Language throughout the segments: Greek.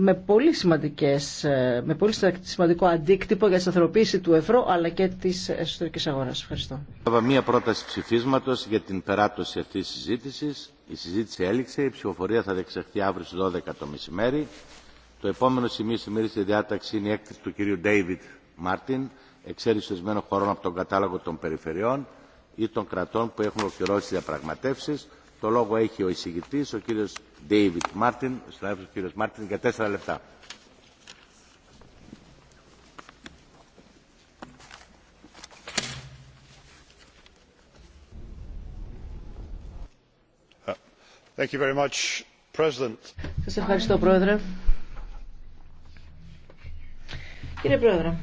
με πολύ, σημαντικές, ε, με πολύ σημαντικό αντίκτυπο για τη σταθεροποίηση του ευρώ αλλά και τη εσωτερικής Αγόρα. Ευχαριστώ. Είχαμε μία πρόταση ψηφίσματος για την περάτωση αυτής της συζήτηση. Η συζήτηση έληξε. Η ψηφοφορία θα δεξαχθεί αύριο στις 12 το μεσημέρι. Το επόμενο σημείο στη στη διάταξη είναι η έκθεση του κυρίου David Μάρτιν, εξαίρεση ορισμένων χωρών από τον κατάλογο των περιφερειών ή των κρατών που έχουν ολοκληρώσει διαπραγματεύσει. Το λόγο έχει ο εισηγητής, ο κύριος David Martin, συνάδελφος κύριος Μάρτιν, για τέσσερα λεπτά. Thank you very much, President. Σας ευχαριστώ, Πρόεδρε. Κύριε Πρόεδρε,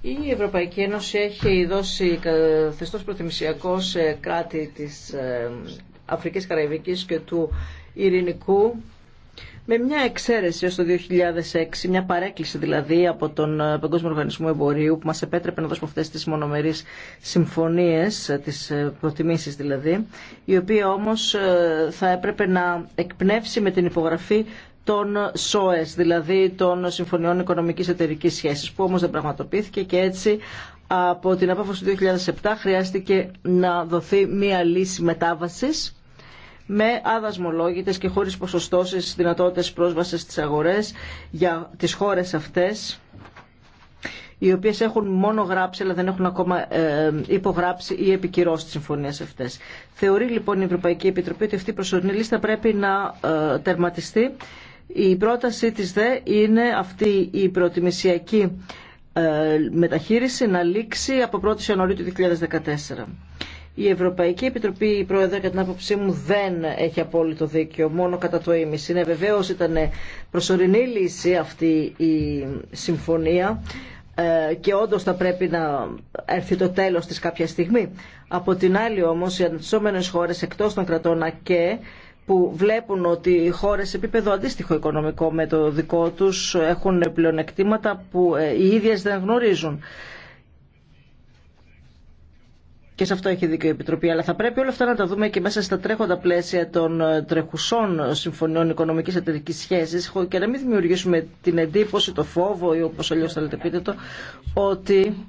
η Ευρωπαϊκή Ένωση έχει δώσει καθεστώς προτιμησιακό σε κράτη της ε, Αφρικής Καραϊβικής και του Ειρηνικού με μια εξαίρεση στο το 2006, μια παρέκκληση δηλαδή από τον ε, Παγκόσμιο Οργανισμό Εμπορίου που μας επέτρεπε να δώσουμε αυτές τις μονομερείς συμφωνίες, ε, τις προτιμήσεις δηλαδή, η οποία όμως θα έπρεπε να εκπνεύσει με την υπογραφή των ΣΟΕΣ, δηλαδή των Συμφωνιών Οικονομικής εταιρική Σχέσης, που όμως δεν πραγματοποιήθηκε και έτσι από την απόφαση του 2007 χρειάστηκε να δοθεί μία λύση μετάβαση με αδασμολόγητες και χωρίς ποσοστώσεις δυνατότητε πρόσβασης στις αγορές για τις χώρες αυτές οι οποίε έχουν μόνο γράψει αλλά δεν έχουν ακόμα ε, υπογράψει ή επικυρώσει τι συμφωνίε αυτέ. Θεωρεί λοιπόν η Ευρωπαϊκή Επιτροπή ότι αυτή η προσωρινή λίστα πρέπει να ε, τερματιστεί η πρόταση της ΔΕ είναι αυτή η προτιμησιακή ε, μεταχείριση να λήξει από 1η Ιανουαρίου του 2014. Η Ευρωπαϊκή Επιτροπή, η Πρόεδρε, κατά την άποψή μου, δεν έχει απόλυτο δίκιο, μόνο κατά το ίμιση. Είναι βεβαίω ήταν προσωρινή λύση αυτή η συμφωνία ε, και όντω θα πρέπει να έρθει το τέλος της κάποια στιγμή. Από την άλλη όμως οι αναπτυσσόμενες χώρες εκτός των κρατών ΑΚΕ που βλέπουν ότι οι χώρες σε επίπεδο αντίστοιχο οικονομικό με το δικό τους έχουν πλεονεκτήματα που ε, οι ίδιες δεν γνωρίζουν. Και σε αυτό έχει δίκιο η Επιτροπή. Αλλά θα πρέπει όλα αυτά να τα δούμε και μέσα στα τρέχοντα πλαίσια των ε, τρεχουσών συμφωνιών οικονομική εταιρική σχέση και να μην δημιουργήσουμε την εντύπωση, το φόβο ή όπω αλλιώ θέλετε πείτε το, ότι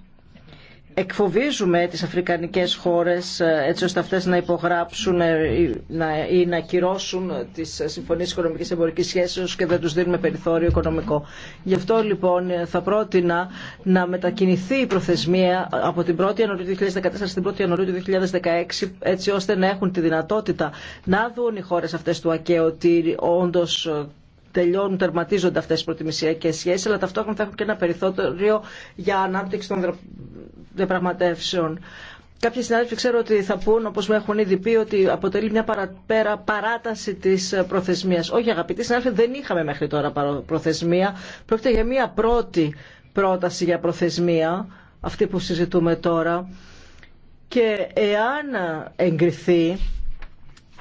εκφοβίζουμε τις αφρικανικές χώρες ε, έτσι ώστε αυτές να υπογράψουν ε, ή να κυρώσουν τις συμφωνίες οικονομικής εμπορικής σχέσεως και δεν τους δίνουμε περιθώριο οικονομικό. Γι' αυτό λοιπόν θα πρότεινα να μετακινηθεί η προθεσμία από την 1η Ιανουαρίου 2014 στην 1η Ιανουαρίου 2016 έτσι ώστε να έχουν τη δυνατότητα να δουν οι χώρες αυτές του ΑΚΕ ότι όντως ε, τελειώνουν, τερματίζονται αυτέ οι προτιμησιακέ σχέσει, αλλά ταυτόχρονα θα έχουν και ένα περιθώριο για ανάπτυξη των διαπραγματεύσεων. Κάποιοι συνάδελφοι ξέρω ότι θα πούν, όπω μου έχουν ήδη πει, ότι αποτελεί μια παραπέρα παράταση τη προθεσμία. Όχι, αγαπητοί συνάδελφοι, δεν είχαμε μέχρι τώρα προθεσμία. Πρόκειται για μια πρώτη πρόταση για προθεσμία, αυτή που συζητούμε τώρα. Και εάν εγκριθεί,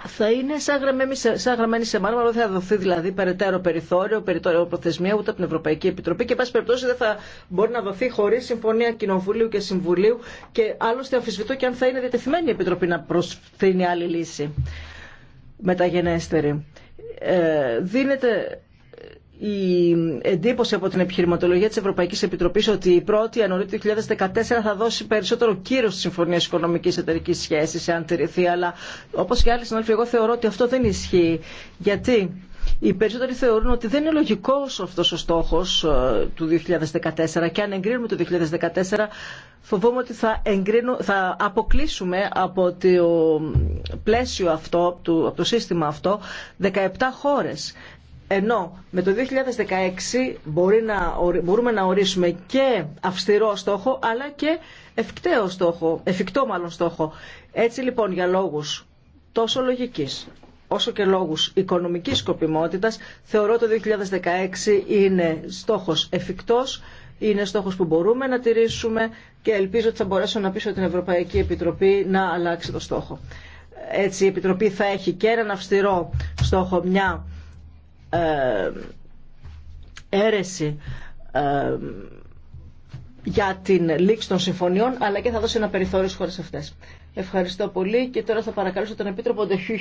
θα είναι σαν γραμμένη, σε σε μάρμαρο, δεν θα δοθεί δηλαδή περαιτέρω περιθώριο, περιθώριο προθεσμία ούτε από την Ευρωπαϊκή Επιτροπή και, πάση περιπτώσει, δεν θα μπορεί να δοθεί χωρί συμφωνία Κοινοβουλίου και Συμβουλίου και άλλωστε αμφισβητώ και αν θα είναι διατεθειμένη η Επιτροπή να προσφέρει άλλη λύση μεταγενέστερη. Ε, δίνεται η εντύπωση από την επιχειρηματολογία της Ευρωπαϊκής Επιτροπής ότι η πρώτη Ιανουαρίου του 2014 θα δώσει περισσότερο κύρος στις συμφωνίες οικονομικής εταιρικής σχέσης εάν τηρηθεί αλλά όπως και άλλοι συνάδελφοι εγώ θεωρώ ότι αυτό δεν ισχύει γιατί οι περισσότεροι θεωρούν ότι δεν είναι λογικός αυτός ο στόχος ε, του 2014 και αν εγκρίνουμε το 2014 φοβόμαι ότι θα, εγκρίνω, αποκλείσουμε από το πλαίσιο αυτό, από το σύστημα αυτό 17 χώρες ενώ με το 2016 μπορεί να, μπορούμε να ορίσουμε και αυστηρό στόχο αλλά και ευκταίο στόχο, εφικτό στόχο. Έτσι λοιπόν για λόγους τόσο λογικής όσο και λόγους οικονομικής σκοπιμότητας θεωρώ το 2016 είναι στόχος εφικτός, είναι στόχος που μπορούμε να τηρήσουμε και ελπίζω ότι θα μπορέσω να πείσω την Ευρωπαϊκή Επιτροπή να αλλάξει το στόχο. Έτσι η Επιτροπή θα έχει και έναν αυστηρό στόχο μια ε, αίρεση ε, για την λήξη των συμφωνιών, αλλά και θα δώσει ένα περιθώριο στις χώρες αυτές. Ευχαριστώ πολύ και τώρα θα παρακαλούσα τον Επίτροπο De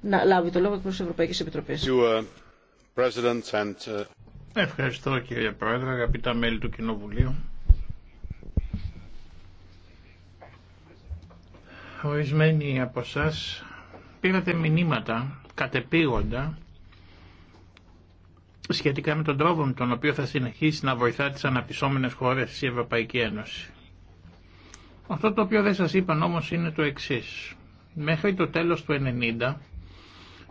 να λάβει το λόγο εκπρόσωπος της Ευρωπαϊκής Επιτροπής. Uh, uh, Ευχαριστώ κύριε Πρόεδρε, αγαπητά μέλη του Κοινοβουλίου. Ορισμένοι από εσά πήρατε μηνύματα κατεπήγοντα σχετικά με τον τρόπο με τον οποίο θα συνεχίσει να βοηθά τις αναπτυσσόμενες χώρες η Ευρωπαϊκή Ένωση. Αυτό το οποίο δεν σας είπαν όμως είναι το εξή. Μέχρι το τέλος του 1990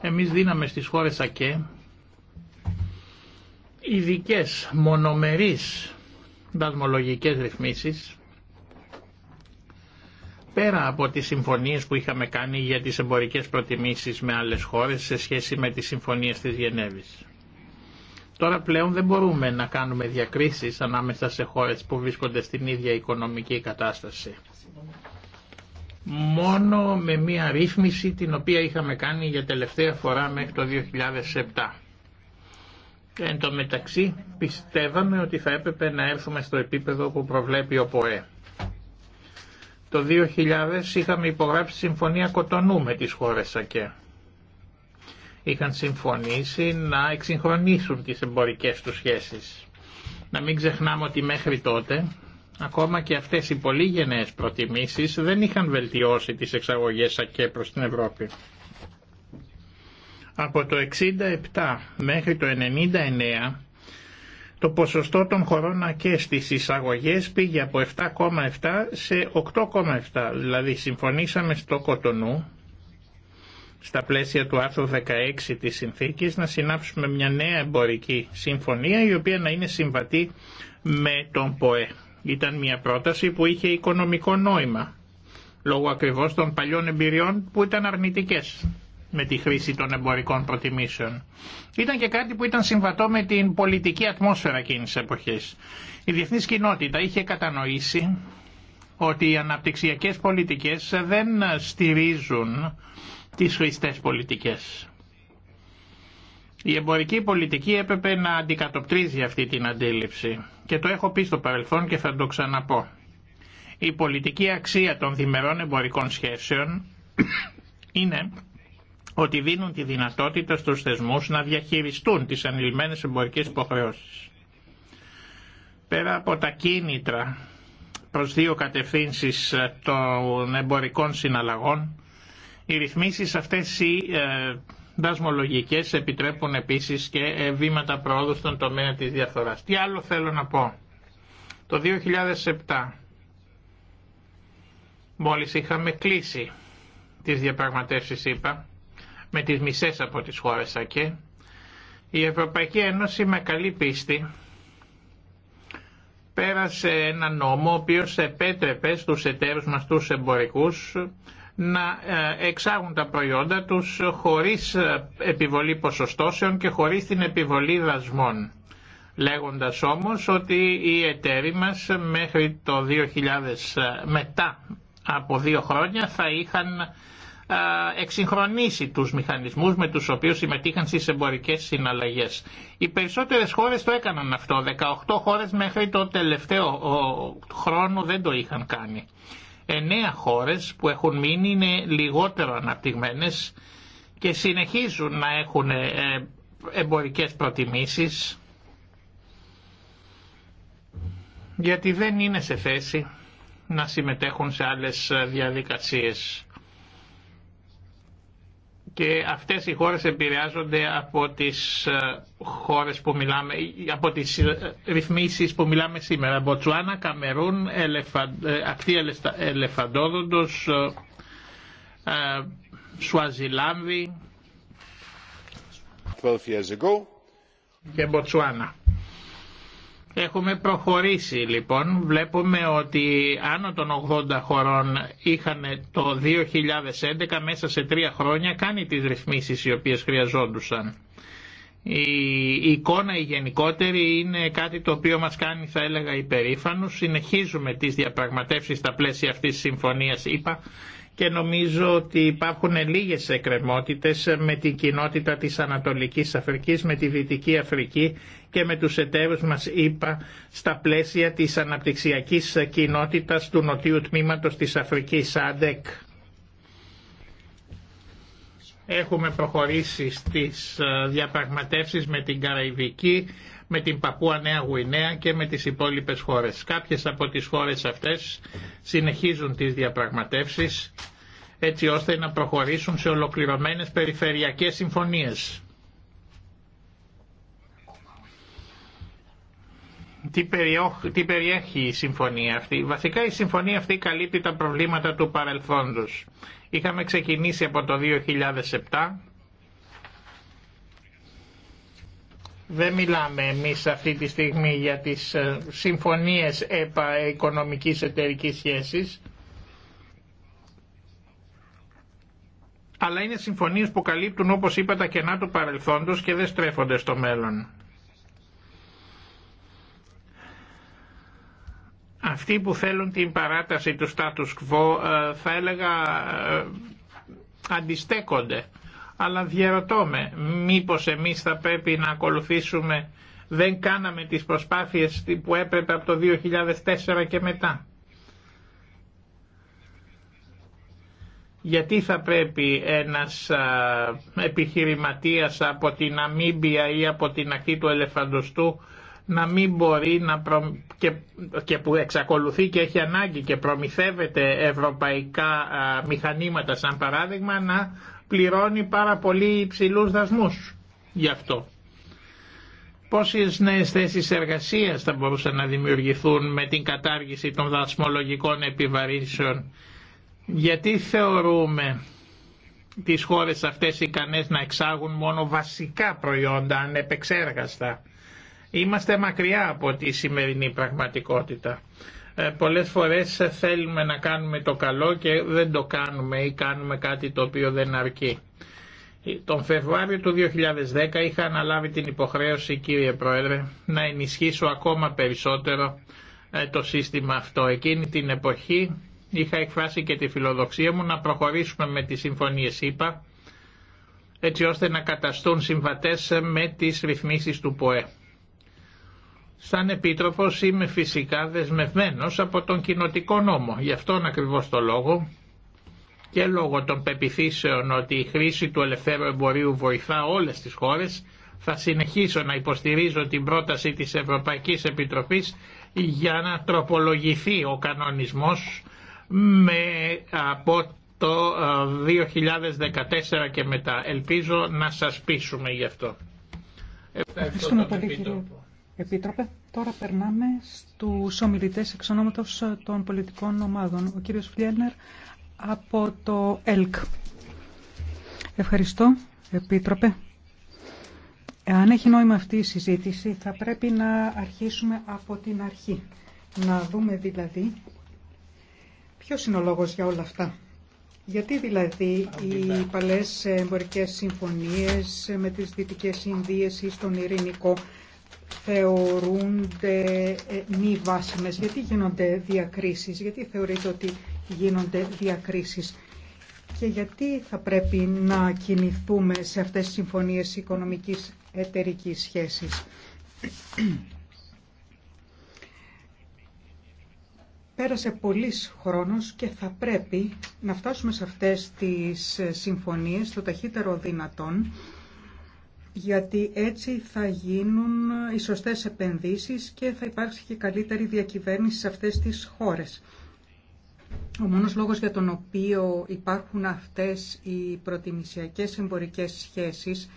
εμείς δίναμε στις χώρες ΑΚΕ ειδικέ μονομερείς δασμολογικές ρυθμίσεις πέρα από τις συμφωνίες που είχαμε κάνει για τις εμπορικές προτιμήσεις με άλλες χώρες σε σχέση με τις συμφωνίες της Γενέβης. Τώρα πλέον δεν μπορούμε να κάνουμε διακρίσεις ανάμεσα σε χώρες που βρίσκονται στην ίδια οικονομική κατάσταση. Μόνο με μία ρύθμιση την οποία είχαμε κάνει για τελευταία φορά μέχρι το 2007. Εν τω μεταξύ πιστεύαμε ότι θα έπρεπε να έρθουμε στο επίπεδο που προβλέπει ο ΠΟΕ. Το 2000 είχαμε υπογράψει συμφωνία Κοτονού με τις χώρες ΑΚΕ είχαν συμφωνήσει να εξυγχρονίσουν τις εμπορικές τους σχέσεις. Να μην ξεχνάμε ότι μέχρι τότε ακόμα και αυτές οι πολύ γενναίες προτιμήσεις δεν είχαν βελτιώσει τις εξαγωγές ΑΚΕ προς την Ευρώπη. Από το 67 μέχρι το 99 το ποσοστό των χωρών ΑΚΕ στις εισαγωγές πήγε από 7,7 σε 8,7. Δηλαδή συμφωνήσαμε στο Κοτονού στα πλαίσια του άρθρου 16 της συνθήκης να συνάψουμε μια νέα εμπορική συμφωνία η οποία να είναι συμβατή με τον ΠΟΕ. Ήταν μια πρόταση που είχε οικονομικό νόημα λόγω ακριβώς των παλιών εμπειριών που ήταν αρνητικές με τη χρήση των εμπορικών προτιμήσεων. Ήταν και κάτι που ήταν συμβατό με την πολιτική ατμόσφαιρα εκείνη τη εποχή. Η διεθνής κοινότητα είχε κατανοήσει ότι οι αναπτυξιακές πολιτικές δεν στηρίζουν τις χρηστές πολιτικές. Η εμπορική πολιτική έπρεπε να αντικατοπτρίζει αυτή την αντίληψη και το έχω πει στο παρελθόν και θα το ξαναπώ. Η πολιτική αξία των διμερών εμπορικών σχέσεων είναι ότι δίνουν τη δυνατότητα στους θεσμούς να διαχειριστούν τις ανηλυμένες εμπορικές υποχρεώσεις. Πέρα από τα κίνητρα προς δύο κατευθύνσεις των εμπορικών συναλλαγών, οι ρυθμίσεις αυτές οι ε, δασμολογικές επιτρέπουν επίσης και ε, βήματα προόδου στον τομέα της διαφθοράς. Τι άλλο θέλω να πω. Το 2007 μόλις είχαμε κλείσει τις διαπραγματεύσεις είπα με τις μισές από τις χώρες ΑΚΕ η Ευρωπαϊκή Ένωση με καλή πίστη πέρασε ένα νόμο ο οποίος επέτρεπε στους εταίρους μας τους εμπορικούς να ε, εξάγουν τα προϊόντα τους χωρίς ε, επιβολή ποσοστώσεων και χωρίς την επιβολή δασμών. Λέγοντας όμως ότι οι εταίροι μας μέχρι το 2000 ε, μετά από δύο χρόνια θα είχαν εξυγχρονίσει τους μηχανισμούς με τους οποίους συμμετείχαν στις εμπορικές συναλλαγές. Οι περισσότερες χώρες το έκαναν αυτό. 18 χώρες μέχρι το τελευταίο χρόνο δεν το είχαν κάνει εννέα χώρες που έχουν μείνει είναι λιγότερο αναπτυγμένες και συνεχίζουν να έχουν ε, εμπορικές προτιμήσεις γιατί δεν είναι σε θέση να συμμετέχουν σε άλλες διαδικασίες και αυτές οι χώρες επηρεάζονται από τις ε, χώρες που μιλάμε, από τις ε, ρυθμίσεις που μιλάμε σήμερα. Μποτσουάνα, Καμερούν, ε, Ακτή ελεφαντόδοντος, Σουαζιλάνδη και Μποτσουάνα. Έχουμε προχωρήσει λοιπόν. Βλέπουμε ότι άνω των 80 χωρών είχαν το 2011 μέσα σε τρία χρόνια κάνει τις ρυθμίσεις οι οποίες χρειαζόντουσαν. Η εικόνα η γενικότερη είναι κάτι το οποίο μας κάνει θα έλεγα υπερήφανους. Συνεχίζουμε τις διαπραγματεύσεις στα πλαίσια αυτής της συμφωνίας είπα και νομίζω ότι υπάρχουν λίγες εκκρεμότητες με την κοινότητα της Ανατολικής Αφρικής, με τη Δυτική Αφρική και με τους εταίρους μας είπα στα πλαίσια της αναπτυξιακής κοινότητας του νοτιού τμήματος της Αφρικής ΑΔΕΚ. Έχουμε προχωρήσει στις ε, διαπραγματεύσεις με την Καραϊβική με την Παπούα Νέα Γουινέα και με τις υπόλοιπες χώρες. Κάποιες από τις χώρες αυτές συνεχίζουν τις διαπραγματεύσεις έτσι ώστε να προχωρήσουν σε ολοκληρωμένες περιφερειακές συμφωνίες. Τι, περιοχ... τι περιέχει η συμφωνία αυτή. Βασικά η συμφωνία αυτή καλύπτει τα προβλήματα του παρελθόντος. Είχαμε ξεκινήσει από το 2007 Δεν μιλάμε εμείς αυτή τη στιγμή για τις ε, συμφωνίες ΕΠΑ οικονομικής εταιρικής σχέσης, αλλά είναι συμφωνίες που καλύπτουν όπως είπα τα κενά του παρελθόντος και δεν στρέφονται στο μέλλον. Αυτοί που θέλουν την παράταση του status quo ε, θα έλεγα ε, αντιστέκονται αλλά διαρωτώ με μήπως εμείς θα πρέπει να ακολουθήσουμε δεν κάναμε τις προσπάθειες που έπρεπε από το 2004 και μετά. Γιατί θα πρέπει ένας επιχειρηματίας από την Αμίμπια ή από την ακτή του Ελεφαντοστού να μην μπορεί να και... και που εξακολουθεί και έχει ανάγκη και προμηθεύεται ευρωπαϊκά μηχανήματα σαν παράδειγμα να πληρώνει πάρα πολύ υψηλούς δασμούς γι' αυτό. Πόσες νέες θέσεις εργασίας θα μπορούσαν να δημιουργηθούν με την κατάργηση των δασμολογικών επιβαρύνσεων. Γιατί θεωρούμε τις χώρες αυτές ικανές να εξάγουν μόνο βασικά προϊόντα ανεπεξέργαστα. Είμαστε μακριά από τη σημερινή πραγματικότητα. Ε, πολλές φορές θέλουμε να κάνουμε το καλό και δεν το κάνουμε ή κάνουμε κάτι το οποίο δεν αρκεί. Ε, τον Φεβρουάριο του 2010 είχα αναλάβει την υποχρέωση κύριε Πρόεδρε να ενισχύσω ακόμα περισσότερο ε, το σύστημα αυτό. Εκείνη την εποχή είχα εκφράσει και τη φιλοδοξία μου να προχωρήσουμε με τις συμφωνίες ΕΠΑ έτσι ώστε να καταστούν συμβατές με τις ρυθμίσεις του ΠΟΕ. Σαν Επίτροπος είμαι φυσικά δεσμευμένος από τον κοινοτικό νόμο. Γι' αυτόν ακριβώς το λόγο και λόγω των πεπιθήσεων ότι η χρήση του ελευθέρου εμπορίου βοηθά όλες τις χώρες, θα συνεχίσω να υποστηρίζω την πρόταση της Ευρωπαϊκής Επιτροπής για να τροπολογηθεί ο κανονισμός με, από το 2014 ε, και μετά. Ελπίζω να σας πείσουμε γι' αυτό. Επίτροπε, τώρα περνάμε στους ομιλητές εξ ε, των πολιτικών ομάδων. Ο κύριος Φιέλνερ από το ΕΛΚ. Ευχαριστώ, Επίτροπε. Αν έχει νόημα αυτή η συζήτηση, θα πρέπει να αρχίσουμε από την αρχή. Να δούμε δηλαδή ποιος είναι ο λόγος για όλα αυτά. Γιατί δηλαδή οι παλές εμπορικές συμφωνίες με τις Δυτικές Ινδίες ή στον Ειρηνικό θεωρούνται ε, μη βάσιμες. Γιατί γίνονται διακρίσεις, γιατί θεωρείται ότι γίνονται διακρίσεις και γιατί θα πρέπει να κινηθούμε σε αυτές τις συμφωνίες οικονομικής εταιρικής σχέσης. Πέρασε πολλής χρόνος και θα πρέπει να φτάσουμε σε αυτές τις ε, συμφωνίες το ταχύτερο δυνατόν γιατί έτσι θα γίνουν οι σωστές επενδύσεις και θα υπάρξει και καλύτερη διακυβέρνηση σε αυτές τις χώρες. Ο μόνος λόγος για τον οποίο υπάρχουν αυτές οι προτιμησιακές εμπορικές σχέσεις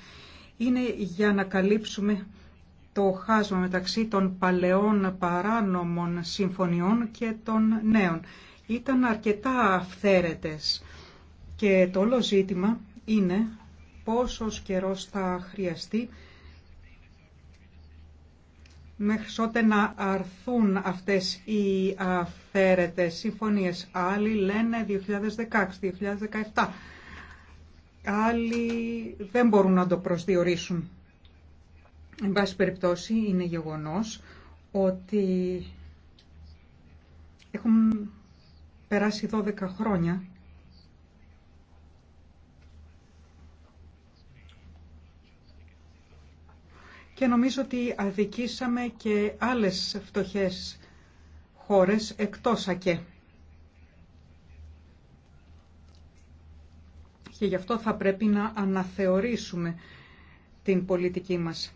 είναι για να καλύψουμε το χάσμα μεταξύ των παλαιών παράνομων συμφωνιών και των νέων. Ήταν αρκετά αυθαίρετες και το όλο ζήτημα είναι πόσος καιρός θα χρειαστεί μέχρι ώστε να αρθούν αυτές οι αφαίρετες συμφωνίες. Άλλοι λένε 2016, 2017. Άλλοι δεν μπορούν να το προσδιορίσουν. Εν πάση περιπτώσει είναι γεγονός ότι έχουν περάσει 12 χρόνια και νομίζω ότι αδικήσαμε και άλλες φτωχές χώρες εκτός ΑΚΕ. Και γι' αυτό θα πρέπει να αναθεωρήσουμε την πολιτική μας.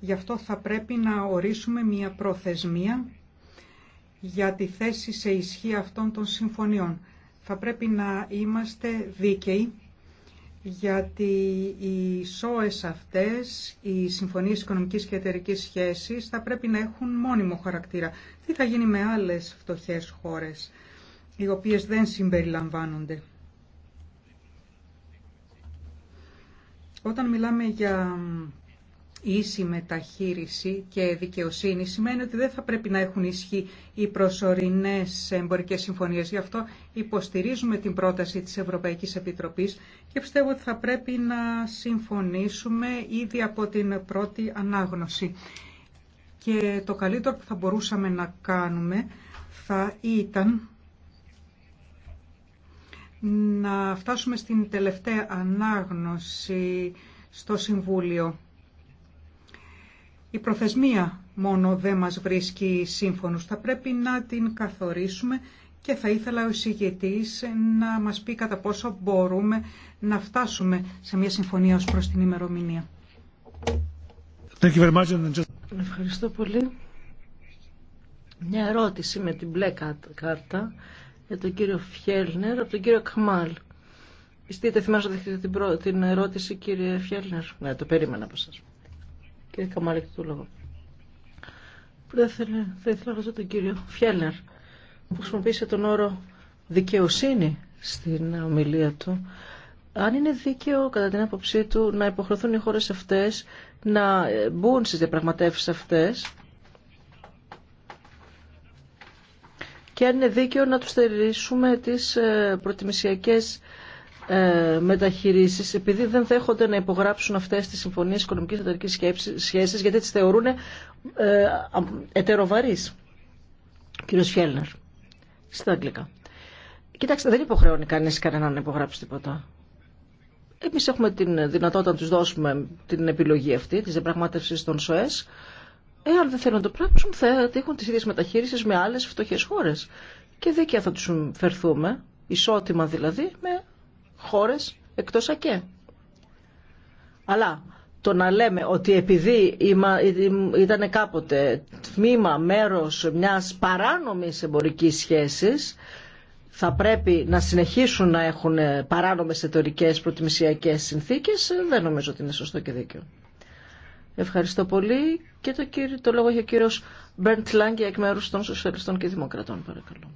Γι' αυτό θα πρέπει να ορίσουμε μια προθεσμία για τη θέση σε ισχύ αυτών των συμφωνιών. Θα πρέπει να είμαστε δίκαιοι γιατί οι ΣΟΕΣ αυτές, οι Συμφωνίες Οικονομικής και Εταιρικής Σχέσης, θα πρέπει να έχουν μόνιμο χαρακτήρα. Τι θα γίνει με άλλες φτωχές χώρες, οι οποίες δεν συμπεριλαμβάνονται. Όταν μιλάμε για ίση μεταχείριση και δικαιοσύνη σημαίνει ότι δεν θα πρέπει να έχουν ισχύ οι προσωρινές εμπορικές συμφωνίες. Γι' αυτό υποστηρίζουμε την πρόταση της Ευρωπαϊκής Επιτροπής και πιστεύω ότι θα πρέπει να συμφωνήσουμε ήδη από την πρώτη ανάγνωση. Και το καλύτερο που θα μπορούσαμε να κάνουμε θα ήταν να φτάσουμε στην τελευταία ανάγνωση στο Συμβούλιο. Η προθεσμία μόνο δεν μας βρίσκει σύμφωνος. Θα πρέπει να την καθορίσουμε και θα ήθελα ο εισηγητής να μας πει κατά πόσο μπορούμε να φτάσουμε σε μια συμφωνία ως προς την ημερομηνία. Ευχαριστώ πολύ. Μια ερώτηση με την μπλε κάρτα για τον κύριο Φιέλνερ από τον κύριο Καμάλ. Πιστείτε, θυμάστε την ερώτηση κύριε Φιέλνερ. Ναι, το περίμενα από σας. Κύριε Καμάλη, του λόγου. Θα ήθελα να ρωτήσω τον κύριο Φιέλνερ που χρησιμοποίησε τον όρο δικαιοσύνη στην ομιλία του. Αν είναι δίκαιο, κατά την άποψή του, να υποχρεωθούν οι χώρες αυτές να μπουν στις διαπραγματεύσεις αυτές και αν είναι δίκαιο να τους στερήσουμε τις ε, προτιμησιακές ε, Μεταχειρήσει επειδή δεν δέχονται να υπογράψουν αυτές τις συμφωνίες οικονομικής εταιρική σχέση, γιατί τι θεωρούν ε, ετεροβαρείς. Κύριος Φιέλνερ, στα αγγλικά. Κοιτάξτε, δεν υποχρεώνει κανεί κανένα να υπογράψει τίποτα. Εμεί έχουμε την δυνατότητα να του δώσουμε την επιλογή αυτή τη διαπραγμάτευση των ΣΟΕΣ. Εάν δεν θέλουν να το πράξουν, θα έχουν τι ίδιε μεταχείρισει με άλλε φτωχέ χώρε. Και δίκαια θα του φερθούμε, ισότιμα δηλαδή, με χώρες εκτός ΑΚΕ. Αλλά το να λέμε ότι επειδή ήταν κάποτε τμήμα, μέρος μιας παράνομης εμπορικής σχέσης, θα πρέπει να συνεχίσουν να έχουν παράνομες εταιρικές προτιμησιακές συνθήκες, ε, δεν νομίζω ότι είναι σωστό και δίκαιο. Ευχαριστώ πολύ και το, κύριο, το λόγο έχει ο κύριος Μπέρντ Λάγκη εκ μέρους των Σοσιαλιστών και Δημοκρατών, παρακαλώ.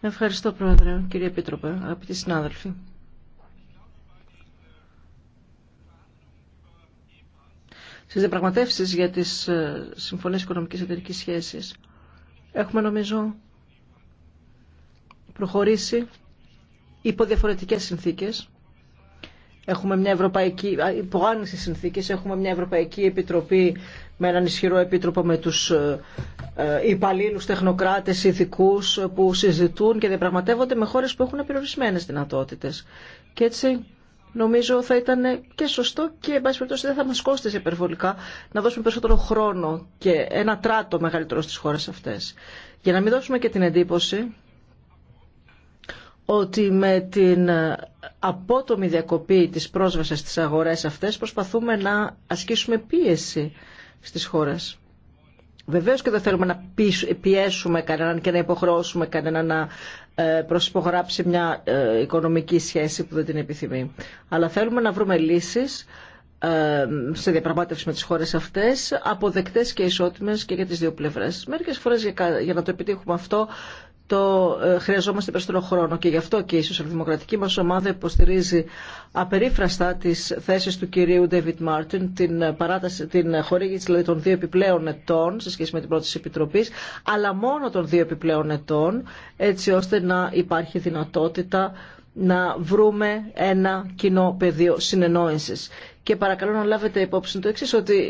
Ευχαριστώ Πρόεδρε, κύριε Επίτροπε, αγαπητοί συνάδελφοι. Στις διαπραγματεύσεις για τις ε, Συμφωνίες Οικονομικής Εταιρικής Σχέσης έχουμε νομίζω προχωρήσει υπό διαφορετικές συνθήκες Έχουμε μια ευρωπαϊκή, υπό έχουμε μια ευρωπαϊκή επιτροπή με έναν ισχυρό επίτροπο με τους ε, ε, υπαλλήλους, τεχνοκράτες, ειδικού ε, που συζητούν και διαπραγματεύονται με χώρες που έχουν περιορισμένες δυνατότητες. Και έτσι νομίζω θα ήταν και σωστό και εν πάση δεν θα μας κόστησε υπερβολικά να δώσουμε περισσότερο χρόνο και ένα τράτο μεγαλύτερο στις χώρες αυτές. Για να μην δώσουμε και την εντύπωση ότι με την απότομη διακοπή της πρόσβασης στις αγορές αυτές προσπαθούμε να ασκήσουμε πίεση στις χώρες. Βεβαίως και δεν θέλουμε να πιέσουμε κανέναν και να υποχρεώσουμε κανέναν να ε, προσυπογράψει μια ε, οικονομική σχέση που δεν την επιθυμεί. Αλλά θέλουμε να βρούμε λύσεις ε, σε διαπραγμάτευση με τις χώρες αυτές, αποδεκτές και ισότιμες και για τις δύο πλευρές. Μερικές φορές για να το επιτύχουμε αυτό το ε, χρειαζόμαστε περισσότερο χρόνο και γι' αυτό και η σοσιαλδημοκρατική μας ομάδα υποστηρίζει απερίφραστα τις θέσεις του κυρίου Ντέβιτ Μάρτιν, την, ε, παράταση, την ε, χορήγηση δηλαδή, των δύο επιπλέον ετών σε σχέση με την πρώτη επιτροπή, αλλά μόνο των δύο επιπλέον ετών, έτσι ώστε να υπάρχει δυνατότητα να βρούμε ένα κοινό πεδίο συνεννόησης. Και παρακαλώ να λάβετε υπόψη το εξή, ότι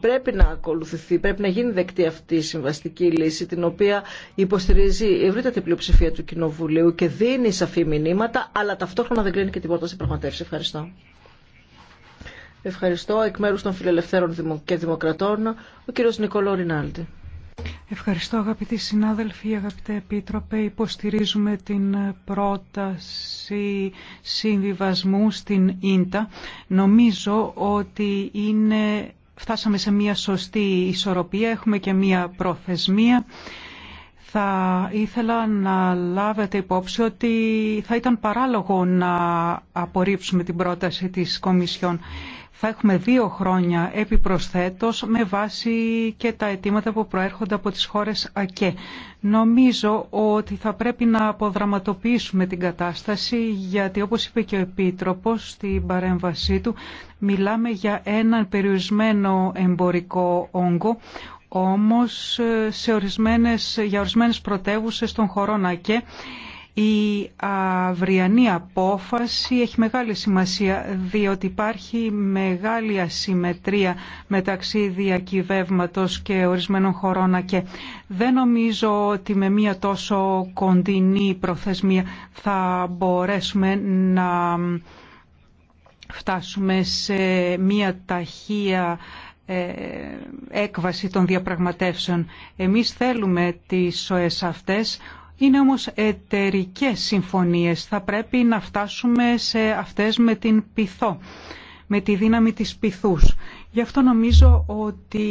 πρέπει να ακολουθηθεί, πρέπει να γίνει δεκτή αυτή η συμβαστική λύση, την οποία υποστηρίζει η ευρύτατη πλειοψηφία του Κοινοβουλίου και δίνει σαφή μηνύματα, αλλά ταυτόχρονα δεν κλείνει και την πόρτα πραγματεύσει. Ευχαριστώ. Ευχαριστώ εκ μέρου των Φιλελευθέρων και Δημοκρατών, ο κύριο Νικολό Ευχαριστώ αγαπητοί συνάδελφοι, αγαπητέ επίτροπε. Υποστηρίζουμε την πρόταση συμβιβασμού στην ίντα. Νομίζω ότι είναι... φτάσαμε σε μια σωστή ισορροπία, έχουμε και μια προθεσμία. Θα ήθελα να λάβετε υπόψη ότι θα ήταν παράλογο να απορρίψουμε την πρόταση της Κομισιόν θα έχουμε δύο χρόνια επιπροσθέτως με βάση και τα αιτήματα που προέρχονται από τις χώρες ΑΚΕ. Νομίζω ότι θα πρέπει να αποδραματοποιήσουμε την κατάσταση γιατί όπως είπε και ο Επίτροπος στην παρέμβασή του μιλάμε για έναν περιορισμένο εμπορικό όγκο όμως σε ορισμένες, για ορισμένες πρωτεύουσες των χωρών ΑΚΕ η αυριανή απόφαση έχει μεγάλη σημασία διότι υπάρχει μεγάλη ασυμμετρία μεταξύ διακυβεύματος και ορισμένων χωρών και δεν νομίζω ότι με μία τόσο κοντινή προθεσμία θα μπορέσουμε να φτάσουμε σε μία ταχεία ε, έκβαση των διαπραγματεύσεων. Εμείς θέλουμε τις ΣΟΕΣ αυτές είναι όμως εταιρικέ συμφωνίες. Θα πρέπει να φτάσουμε σε αυτές με την πυθό, με τη δύναμη της πυθούς. Γι' αυτό νομίζω ότι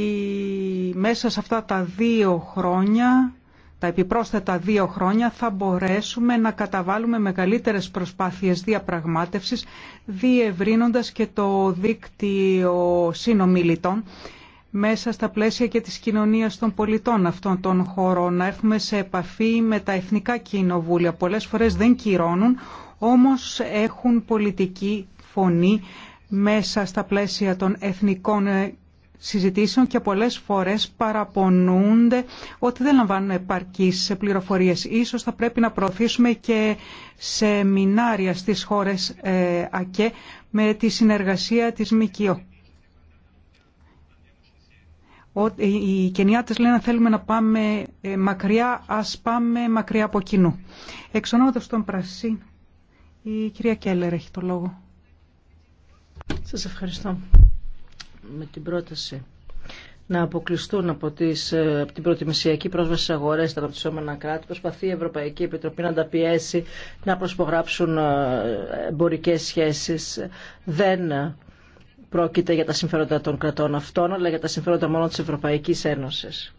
μέσα σε αυτά τα δύο χρόνια, τα επιπρόσθετα δύο χρόνια, θα μπορέσουμε να καταβάλουμε μεγαλύτερες προσπάθειες διαπραγμάτευσης, διευρύνοντας και το δίκτυο συνομιλητών μέσα στα πλαίσια και της κοινωνίας των πολιτών αυτών των χωρών, να έρθουμε σε επαφή με τα εθνικά κοινοβούλια. Πολλές φορές δεν κυρώνουν, όμως έχουν πολιτική φωνή μέσα στα πλαίσια των εθνικών ε, συζητήσεων και πολλές φορές παραπονούνται ότι δεν λαμβάνουν επαρκείς πληροφορίες. Ίσως θα πρέπει να προωθήσουμε και σεμινάρια στις χώρες ε, ΑΚΕ με τη συνεργασία της ΜΚΙΟ οι Κενιάτες λένε θέλουμε να πάμε ε, μακριά, ας πάμε μακριά από κοινού. Εξ ονόματος των Πρασί, η κυρία Κέλλερ έχει το λόγο. Σας ευχαριστώ με την πρόταση να αποκλειστούν από, τις, ε, από την προτιμησιακή πρόσβαση στι αγορέ τα αναπτυσσόμενα κράτη. Προσπαθεί η Ευρωπαϊκή Επιτροπή να τα πιέσει, να προσπογράψουν ε, εμπορικέ σχέσει. Δεν πρόκειται για τα συμφέροντα των κρατών αυτών, αλλά για τα συμφέροντα μόνο της Ευρωπαϊκής Ένωσης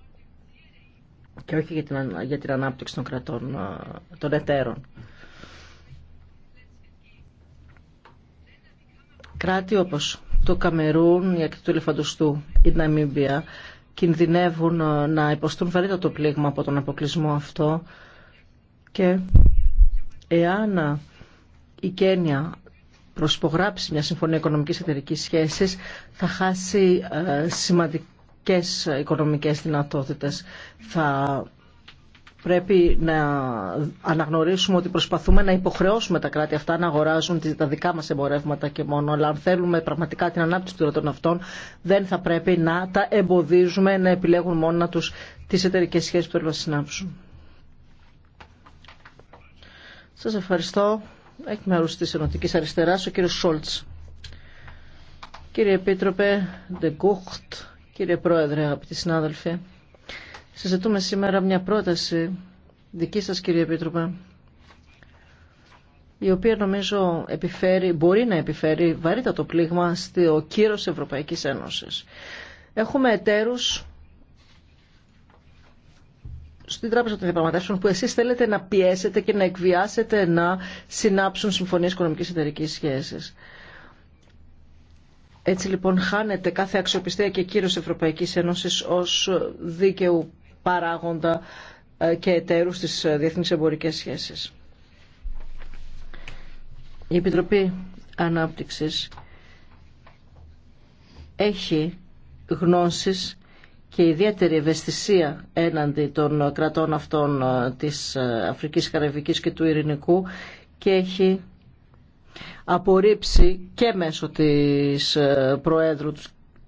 και όχι για την, ανάπτυξη των κρατών, των εταίρων. Κράτη όπως το Καμερούν, η Ακτή του Ελεφαντοστού, η Ναμίμπια κινδυνεύουν να υποστούν βαρύτατο πλήγμα από τον αποκλεισμό αυτό και εάν η Κένια προσπογράψει μια συμφωνία οικονομικής εταιρικής σχέσης θα χάσει ε, σημαντικές οικονομικές δυνατότητες. Θα πρέπει να αναγνωρίσουμε ότι προσπαθούμε να υποχρεώσουμε τα κράτη αυτά να αγοράζουν τα δικά μας εμπορεύματα και μόνο. Αλλά αν θέλουμε πραγματικά την ανάπτυξη των αυτών, δεν θα πρέπει να τα εμποδίζουμε να επιλέγουν μόνο τους τις εταιρικές σχέσεις που θέλουν να συνάψουν. Σας ευχαριστώ εκ μέρους της Ενωτικής Αριστεράς, ο κύριος Σόλτς. Κύριε Επίτροπε Ντεγκούχτ, κύριε Πρόεδρε, αγαπητοί συνάδελφοι, συζητούμε σήμερα μια πρόταση δική σας κύριε Επίτροπε, η οποία νομίζω επιφέρει, μπορεί να επιφέρει βαρύτατο πλήγμα στο κύρος Ευρωπαϊκής Ένωσης. Έχουμε εταίρους στην Τράπεζα των Διαπραγματεύσεων που εσείς θέλετε να πιέσετε και να εκβιάσετε να συνάψουν συμφωνίε οικονομική εταιρική σχέση. Έτσι λοιπόν χάνεται κάθε αξιοπιστία και κύρος Ευρωπαϊκής Ένωσης ως δίκαιου παράγοντα ε, και εταίρου στις ε, διεθνείς εμπορικές σχέσεις. Η Επιτροπή Ανάπτυξης έχει γνώσεις και ιδιαίτερη ευαισθησία έναντι των κρατών αυτών ε, της ε, Αφρικής, καραβικής και του Ειρηνικού και έχει απορρίψει και μέσω της ε, Προέδρου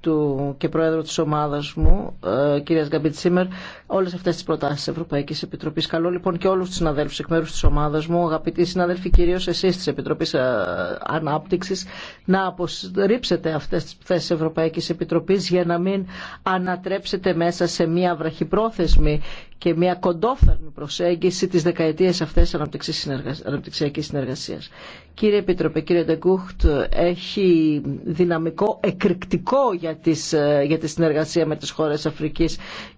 του και Προέδρου της ομάδας μου, κυρίας Γκαμπιτσίμερ, Όλε αυτέ τι προτάσει τη Ευρωπαϊκής Επιτροπής. Καλό, λοιπόν και όλου του συναδέλφου, εκ μέρου τη ομάδα μου, αγαπητοί συναδέλφοι, κυρίω εσεί της Επιτροπής ε, ανάπτυξη, να απορρίψετε αυτές τις τη Ευρωπαϊκή Επιτροπή για να μην ανατρέψετε μέσα σε μια βραχυπρόθεσμη και μια κοντόφθαρμη προσέγγιση τι δεκαετίες αυτές αναπτυξιακή συνεργασία. Κύριε Επίτροπε, κύριε Ντεγκούχτ, έχει δυναμικό εκρηκτικό για, τις, ε, για τη συνεργασία με τι χώρε Αφρική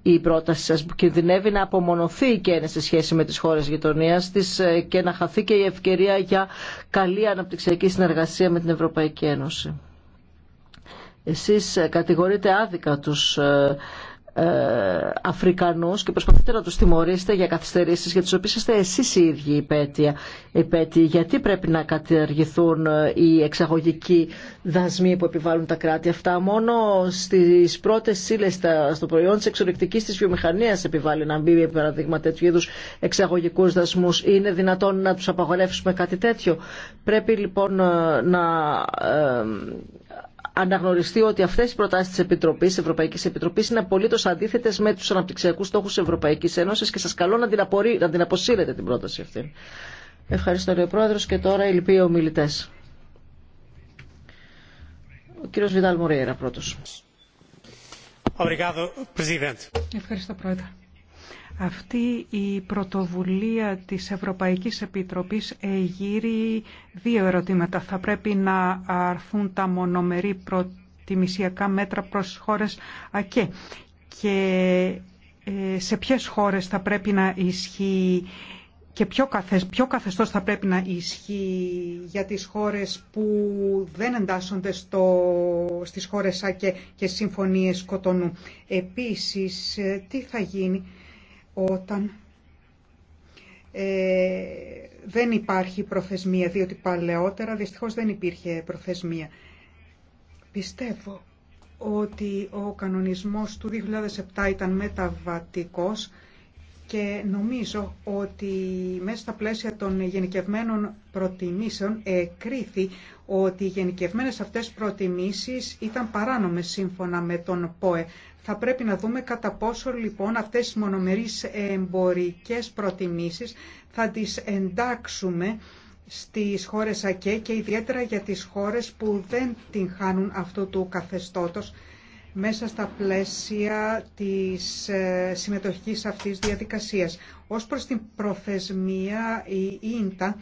η πρόταση κινδυνεύει να απομονωθεί και σε σχέση με τις χώρες γειτονίας της ε, και να χαθεί και η ευκαιρία για καλή αναπτυξιακή συνεργασία με την Ευρωπαϊκή Ένωση. Εσείς ε, κατηγορείτε άδικα τους ε, ε, Αφρικανούς και προσπαθείτε να τους τιμωρήσετε για καθυστερήσεις για τις οποίες είστε εσείς οι ίδιοι υπέτεια. υπέτειοι. Γιατί πρέπει να καταργηθούν ε, οι εξαγωγικοί δασμοί που επιβάλλουν τα κράτη αυτά. Μόνο στις πρώτες σύλλες στο προϊόν της εξορρυκτικής της βιομηχανίας επιβάλλει να μπει παραδείγμα τέτοιου είδους εξαγωγικούς δασμούς. Είναι δυνατόν να τους απαγορεύσουμε κάτι τέτοιο. Πρέπει λοιπόν ε, να αναγνωριστεί ότι αυτές οι προτάσεις της Επιτροπής, Ευρωπαϊκής Επιτροπής είναι απολύτω αντίθετε με του αναπτυξιακού στόχου της Ευρωπαϊκής Ένωσης και σας καλώ να την, να την αποσύρετε την πρόταση αυτή. Ευχαριστώ ο Πρόεδρος και τώρα οι λοιποί ομιλητές. Ο κύριο Βιντάλ Μορέιρα πρώτο. Ευχαριστώ Πρόεδρε. Αυτή η πρωτοβουλία της Ευρωπαϊκής Επιτροπής γύρει δύο ερωτήματα. Θα πρέπει να αρθούν τα μονομερή προτιμησιακά μέτρα προς χώρες ΑΚΕ και ε, σε ποιες χώρες θα πρέπει να ισχύει και ποιο, καθεσ, καθεστώς θα πρέπει να ισχύει για τις χώρες που δεν εντάσσονται στο, στις χώρες ΑΚΕ και συμφωνίες Κοτονού. Επίσης, ε, τι θα γίνει όταν ε, δεν υπάρχει προθεσμία, διότι παλαιότερα δυστυχώς δεν υπήρχε προθεσμία. Πιστεύω ότι ο κανονισμός του 2007 ήταν μεταβατικός και νομίζω ότι μέσα στα πλαίσια των γενικευμένων προτιμήσεων εκρίθη ότι οι γενικευμένες αυτές προτιμήσεις ήταν παράνομες σύμφωνα με τον ΠΟΕ. Θα πρέπει να δούμε κατά πόσο λοιπόν αυτές οι μονομερείς εμπορικές προτιμήσεις θα τις εντάξουμε στις χώρες ΑΚΕ και ιδιαίτερα για τις χώρες που δεν την χάνουν αυτού του καθεστώτος μέσα στα πλαίσια της ε, συμμετοχής αυτής διαδικασίας. Ως προς την προθεσμία, η ίντα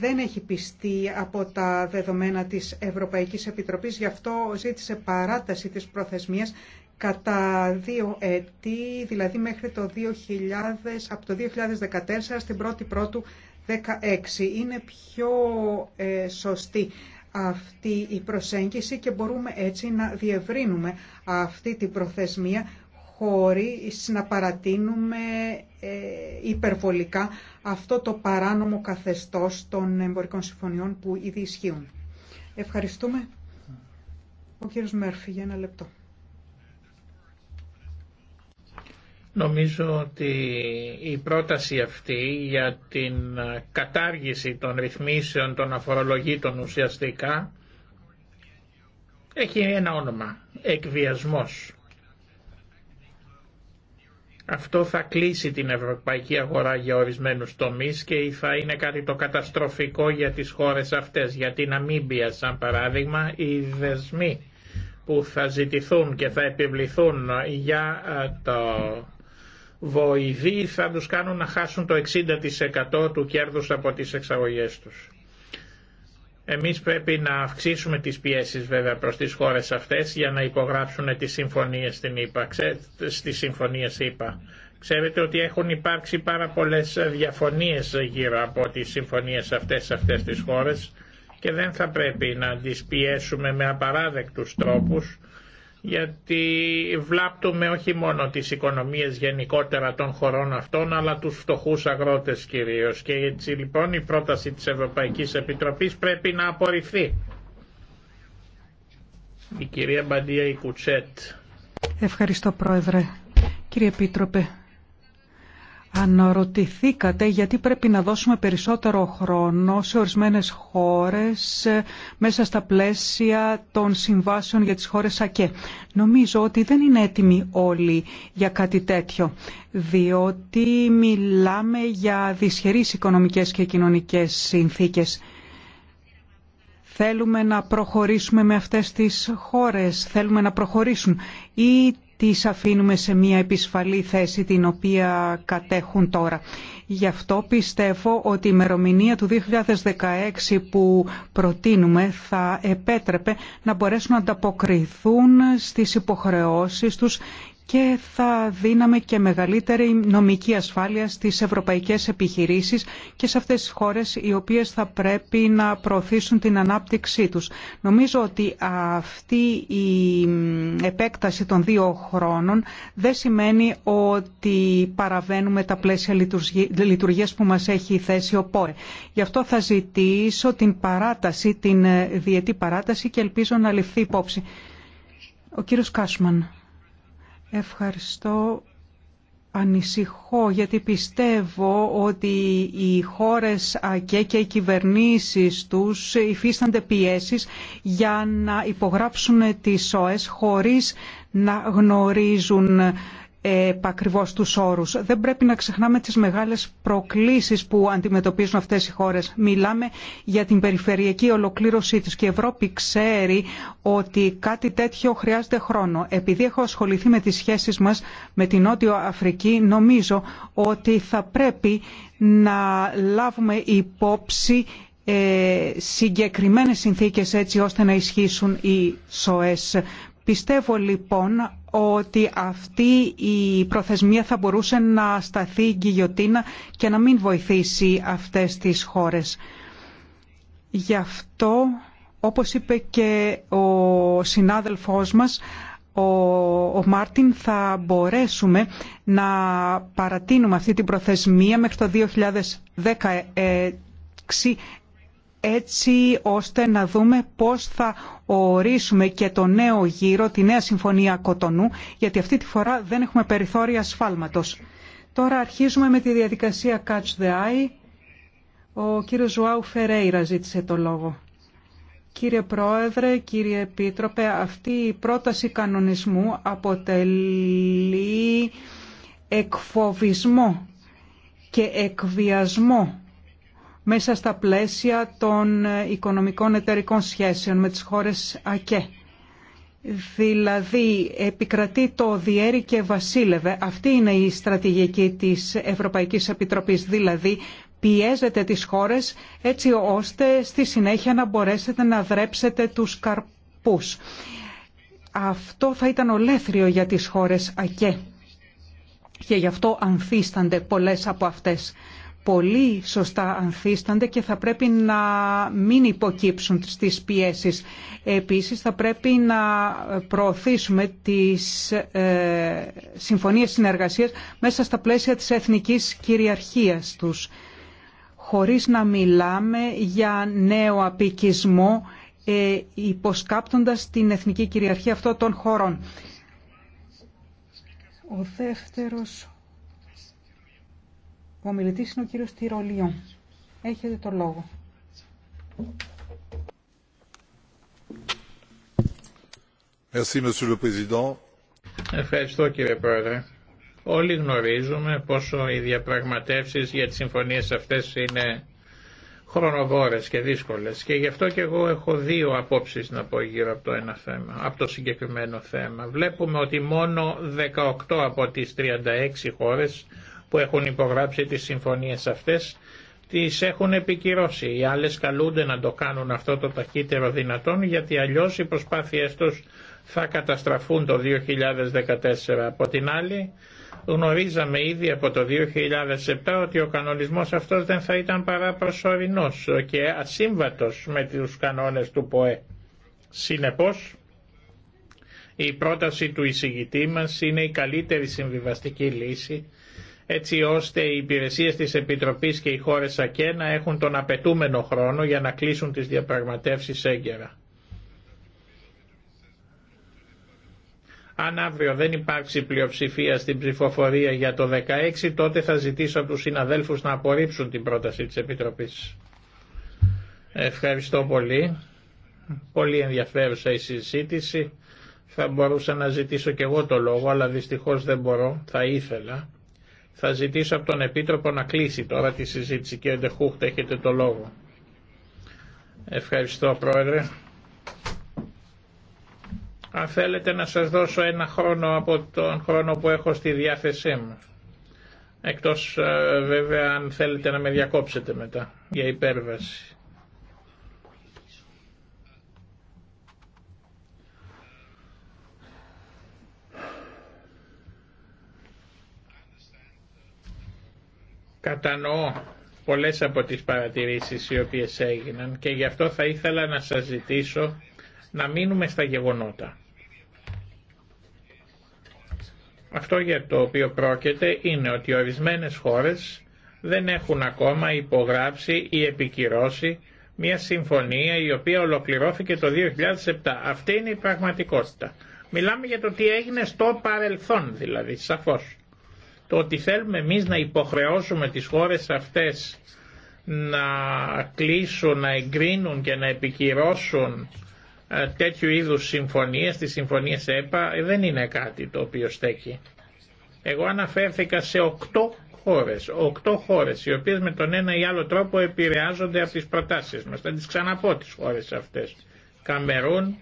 δεν έχει πιστεί από τα δεδομένα της Ευρωπαϊκής Επιτροπής, γι' αυτό ζήτησε παράταση της προθεσμίας κατά δύο έτη, δηλαδή μέχρι το 2000, από το 2014 στην 1η Πρώτου 16. Είναι πιο ε, σωστή αυτή η προσέγγιση και μπορούμε έτσι να διευρύνουμε αυτή την προθεσμία χωρίς να παρατείνουμε ε, υπερβολικά αυτό το παράνομο καθεστώς των εμπορικών συμφωνιών που ήδη ισχύουν. Ευχαριστούμε. Ο κύριος Μέρφυ για ένα λεπτό. Νομίζω ότι η πρόταση αυτή για την κατάργηση των ρυθμίσεων των αφορολογήτων ουσιαστικά έχει ένα όνομα, εκβιασμός. Αυτό θα κλείσει την ευρωπαϊκή αγορά για ορισμένους τομείς και θα είναι κάτι το καταστροφικό για τις χώρες αυτές. Για την Αμίμπια, σαν παράδειγμα, οι δεσμοί που θα ζητηθούν και θα επιβληθούν για ε, το βοηθοί θα τους κάνουν να χάσουν το 60% του κέρδους από τις εξαγωγές τους. Εμείς πρέπει να αυξήσουμε τις πιέσεις βέβαια προς τις χώρες αυτές για να υπογράψουν τις συμφωνίες στην ΕΠΑ, Ξέρετε ότι έχουν υπάρξει πάρα πολλές διαφωνίες γύρω από τις συμφωνίες αυτές σε αυτές τις χώρες και δεν θα πρέπει να τις πιέσουμε με απαράδεκτους τρόπους γιατί βλάπτουμε όχι μόνο τις οικονομίες γενικότερα των χωρών αυτών, αλλά τους φτωχούς αγρότες κυρίως. Και έτσι λοιπόν η πρόταση της Ευρωπαϊκής Επιτροπής πρέπει να απορριφθεί. Η κυρία Μπαντία Ικουτσέτ. Ευχαριστώ Πρόεδρε. Κύριε Επίτροπε, Αναρωτηθήκατε γιατί πρέπει να δώσουμε περισσότερο χρόνο σε ορισμένες χώρες ε, μέσα στα πλαίσια των συμβάσεων για τις χώρες ΑΚΕ. Νομίζω ότι δεν είναι έτοιμοι όλοι για κάτι τέτοιο, διότι μιλάμε για δυσχερείς οικονομικές και κοινωνικές συνθήκες. Θέλουμε να προχωρήσουμε με αυτές τις χώρες, θέλουμε να προχωρήσουν ή τις αφήνουμε σε μια επισφαλή θέση την οποία κατέχουν τώρα. Γι' αυτό πιστεύω ότι η ημερομηνία του 2016 που προτείνουμε θα επέτρεπε να μπορέσουν να ανταποκριθούν στις υποχρεώσεις τους και θα δίναμε και μεγαλύτερη νομική ασφάλεια στις ευρωπαϊκές επιχειρήσεις και σε αυτές τις χώρες οι οποίες θα πρέπει να προωθήσουν την ανάπτυξή τους. Νομίζω ότι αυτή η επέκταση των δύο χρόνων δεν σημαίνει ότι παραβαίνουμε τα πλαίσια λειτουργίας που μας έχει θέσει ο ΠΟΕ. Γι' αυτό θα ζητήσω την παράταση, την διετή παράταση και ελπίζω να ληφθεί υπόψη. Ο κύριος Κάσμαν. Ευχαριστώ. Ανησυχώ γιατί πιστεύω ότι οι χώρες ΑΚΕ και οι κυβερνήσεις τους υφίστανται πιέσεις για να υπογράψουν τις ΣΟΕΣ χωρίς να γνωρίζουν επακριβώ τους όρου. Δεν πρέπει να ξεχνάμε τις μεγάλες προκλήσεις που αντιμετωπίζουν αυτές οι χώρε. Μιλάμε για την περιφερειακή ολοκλήρωσή του και η Ευρώπη ξέρει ότι κάτι τέτοιο χρειάζεται χρόνο. Επειδή έχω ασχοληθεί με τις σχέσεις μας με την Νότιο Αφρική, νομίζω ότι θα πρέπει να λάβουμε υπόψη ε, συγκεκριμένες συνθήκες έτσι ώστε να ισχύσουν οι ΣΟΕΣ. Πιστεύω λοιπόν ότι αυτή η προθεσμία θα μπορούσε να σταθεί γκυγιωτίνα και να μην βοηθήσει αυτές τις χώρες. Γι' αυτό, όπως είπε και ο συνάδελφός μας, ο, ο Μάρτιν θα μπορέσουμε να παρατείνουμε αυτή την προθεσμία μέχρι το 2016 έτσι ώστε να δούμε πώς θα ορίσουμε και το νέο γύρο, τη νέα συμφωνία Κοτονού, γιατί αυτή τη φορά δεν έχουμε περιθώρια ασφάλματος. Τώρα αρχίζουμε με τη διαδικασία Catch the Eye. Ο κύριος Ζουάου Φερέιρα ζήτησε το λόγο. Κύριε Πρόεδρε, κύριε Επίτροπε, αυτή η πρόταση κανονισμού αποτελεί εκφοβισμό και εκβιασμό μέσα στα πλαίσια των οικονομικών εταιρικών σχέσεων με τις χώρες ΑΚΕ. Δηλαδή επικρατεί το διέρη και βασίλευε. Αυτή είναι η στρατηγική της Ευρωπαϊκής Επιτροπής. Δηλαδή πιέζετε τις χώρες έτσι ώστε στη συνέχεια να μπορέσετε να δρέψετε τους καρπούς. Αυτό θα ήταν ολέθριο για τις χώρες ΑΚΕ και γι' αυτό ανθίστανται πολλές από αυτές πολύ σωστά ανθίστανται και θα πρέπει να μην υποκύψουν στις πιέσεις. Επίσης θα πρέπει να προωθήσουμε τις ε, συμφωνίες συνεργασίας μέσα στα πλαίσια της εθνικής κυριαρχίας τους, χωρίς να μιλάμε για νέο απικισμό ε, υποσκάπτοντας την εθνική κυριαρχία αυτών των χωρών. Ο δεύτερος ο ομιλητής είναι ο κύριος Τυρολίων. Έχετε το λόγο. Ευχαριστώ κύριε Πρόεδρε. Όλοι γνωρίζουμε πόσο οι διαπραγματεύσεις για τις συμφωνίες αυτές είναι χρονοβόρες και δύσκολες και γι' αυτό και εγώ έχω δύο απόψεις να πω γύρω από το ένα θέμα, από το συγκεκριμένο θέμα. Βλέπουμε ότι μόνο 18 από τις 36 χώρες που έχουν υπογράψει τις συμφωνίες αυτές τις έχουν επικυρώσει. Οι άλλες καλούνται να το κάνουν αυτό το ταχύτερο δυνατόν γιατί αλλιώς οι προσπάθειές τους θα καταστραφούν το 2014. Από την άλλη γνωρίζαμε ήδη από το 2007 ότι ο κανονισμός αυτός δεν θα ήταν παρά προσωρινός και ασύμβατος με τους κανόνες του ΠΟΕ. Συνεπώς, η πρόταση του εισηγητή μας είναι η καλύτερη συμβιβαστική λύση έτσι ώστε οι υπηρεσίες της Επιτροπής και οι χώρες ΑΚΕ να έχουν τον απαιτούμενο χρόνο για να κλείσουν τις διαπραγματεύσεις έγκαιρα. Αν αύριο δεν υπάρξει πλειοψηφία στην ψηφοφορία για το 16, τότε θα ζητήσω από τους συναδέλφους να απορρίψουν την πρόταση της Επιτροπής. Ευχαριστώ πολύ. Πολύ ενδιαφέρουσα η συζήτηση. Θα μπορούσα να ζητήσω και εγώ το λόγο, αλλά δυστυχώς δεν μπορώ. Θα ήθελα. Θα ζητήσω από τον Επίτροπο να κλείσει τώρα τη συζήτηση. Κύριε Ντεχούχτ, έχετε το λόγο. Ευχαριστώ, Πρόεδρε. Αν θέλετε να σας δώσω ένα χρόνο από τον χρόνο που έχω στη διάθεσή μου. Εκτός ε, βέβαια αν θέλετε να με διακόψετε μετά για υπέρβαση. Κατανοώ πολλές από τις παρατηρήσεις οι οποίες έγιναν και γι' αυτό θα ήθελα να σας ζητήσω να μείνουμε στα γεγονότα. Αυτό για το οποίο πρόκειται είναι ότι ορισμένες χώρες δεν έχουν ακόμα υπογράψει ή επικυρώσει μια συμφωνία η οποία ολοκληρώθηκε το 2007. Αυτή είναι η πραγματικότητα. Μιλάμε για το τι έγινε στο παρελθόν δηλαδή, σαφώς. Το ότι θέλουμε εμείς να υποχρεώσουμε τις χώρες αυτές να κλείσουν, να εγκρίνουν και να επικυρώσουν ε, τέτοιου είδους συμφωνίες, τις συμφωνίες ΕΠΑ, δεν είναι κάτι το οποίο στέκει. Εγώ αναφέρθηκα σε οκτώ χώρες, οκτώ χώρες οι οποίες με τον ένα ή άλλο τρόπο επηρεάζονται από τις προτάσεις μας. Θα τις ξαναπώ τις χώρες αυτές. Καμερούν,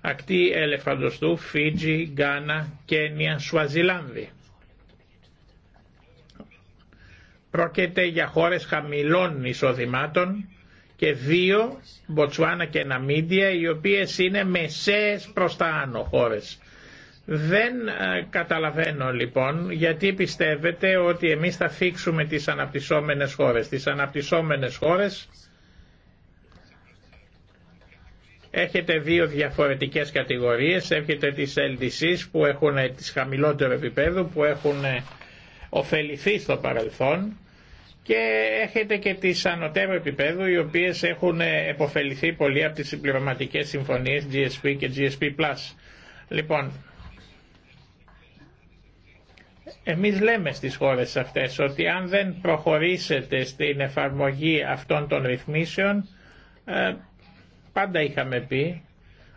Ακτή Ελεφαντοστού, Φίτζι, Γκάνα, Κένια, Σουαζιλάνδη. Πρόκειται για χώρες χαμηλών εισοδημάτων και δύο, Μποτσουάνα και Ναμίντια, οι οποίες είναι μεσαίες προς τα άνω χώρες. Δεν ε, καταλαβαίνω λοιπόν γιατί πιστεύετε ότι εμείς θα φίξουμε τις αναπτυσσόμενες χώρες. Τις αναπτυσσόμενες χώρες έχετε δύο διαφορετικές κατηγορίες. Έχετε τις LDCs που έχουν ε, τις χαμηλότερο επίπεδο, που έχουν ε, ωφεληθεί στο παρελθόν και έχετε και τις ανωτέρω επίπεδου οι οποίες έχουν επωφεληθεί πολύ από τις συμπληρωματικέ συμφωνίες GSP και GSP+. Λοιπόν, εμείς λέμε στις χώρες αυτές ότι αν δεν προχωρήσετε στην εφαρμογή αυτών των ρυθμίσεων ε, πάντα είχαμε πει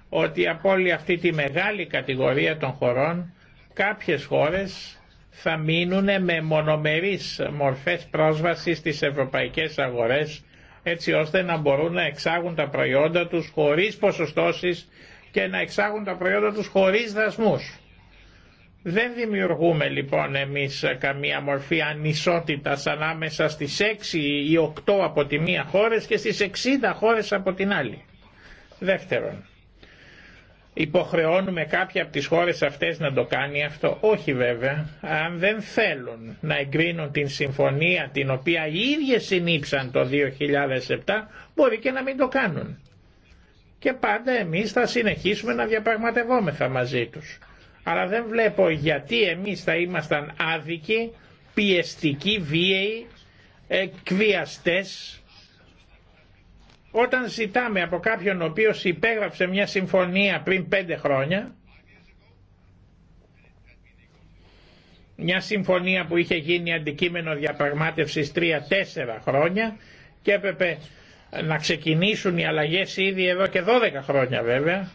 ότι από όλη αυτή τη μεγάλη κατηγορία των χωρών κάποιες χώρες θα μείνουν με μονομερείς μορφές πρόσβασης στις ευρωπαϊκές αγορές έτσι ώστε να μπορούν να εξάγουν τα προϊόντα τους χωρίς ποσοστώσεις και να εξάγουν τα προϊόντα τους χωρίς δασμούς. Δεν δημιουργούμε λοιπόν εμείς καμία μορφή ανισότητας ανάμεσα στις 6 ή 8 από τη μία χώρες και στις 60 χώρες από την άλλη. Δεύτερον, Υποχρεώνουμε κάποια από τις χώρες αυτές να το κάνει αυτό. Όχι βέβαια, αν δεν θέλουν να εγκρίνουν την συμφωνία την οποία οι ίδιες συνήψαν το 2007, μπορεί και να μην το κάνουν. Και πάντα εμείς θα συνεχίσουμε να διαπραγματευόμεθα μαζί τους. Αλλά δεν βλέπω γιατί εμείς θα ήμασταν άδικοι, πιεστικοί, βίαιοι, εκβιαστές όταν ζητάμε από κάποιον ο οποίος υπέγραψε μια συμφωνία πριν πέντε χρόνια, μια συμφωνία που είχε γίνει αντικείμενο διαπραγμάτευσης τρία-τέσσερα χρόνια και έπρεπε να ξεκινήσουν οι αλλαγές ήδη εδώ και δώδεκα χρόνια βέβαια,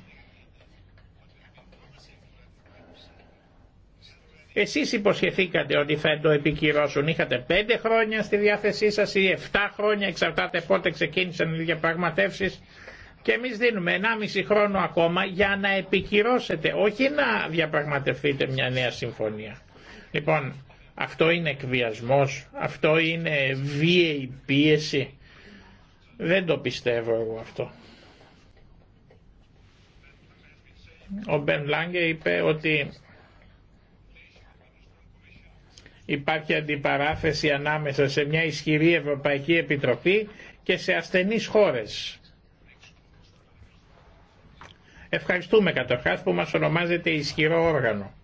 Εσείς υποσχεθήκατε ότι θα το επικυρώσουν. Είχατε πέντε χρόνια στη διάθεσή σας ή εφτά χρόνια, εξαρτάται πότε ξεκίνησαν οι διαπραγματεύσεις. Και εμείς δίνουμε μισή χρόνο ακόμα για να επικυρώσετε, όχι να διαπραγματευτείτε μια νέα συμφωνία. Λοιπόν, αυτό είναι εκβιασμός, αυτό είναι βίαιη πίεση. Δεν το πιστεύω εγώ αυτό. Ο Μπεν Λάγκε είπε ότι Υπάρχει αντιπαράθεση ανάμεσα σε μια ισχυρή Ευρωπαϊκή Επιτροπή και σε ασθενείς χώρες. Ευχαριστούμε καταρχάς που μας ονομάζεται ισχυρό όργανο.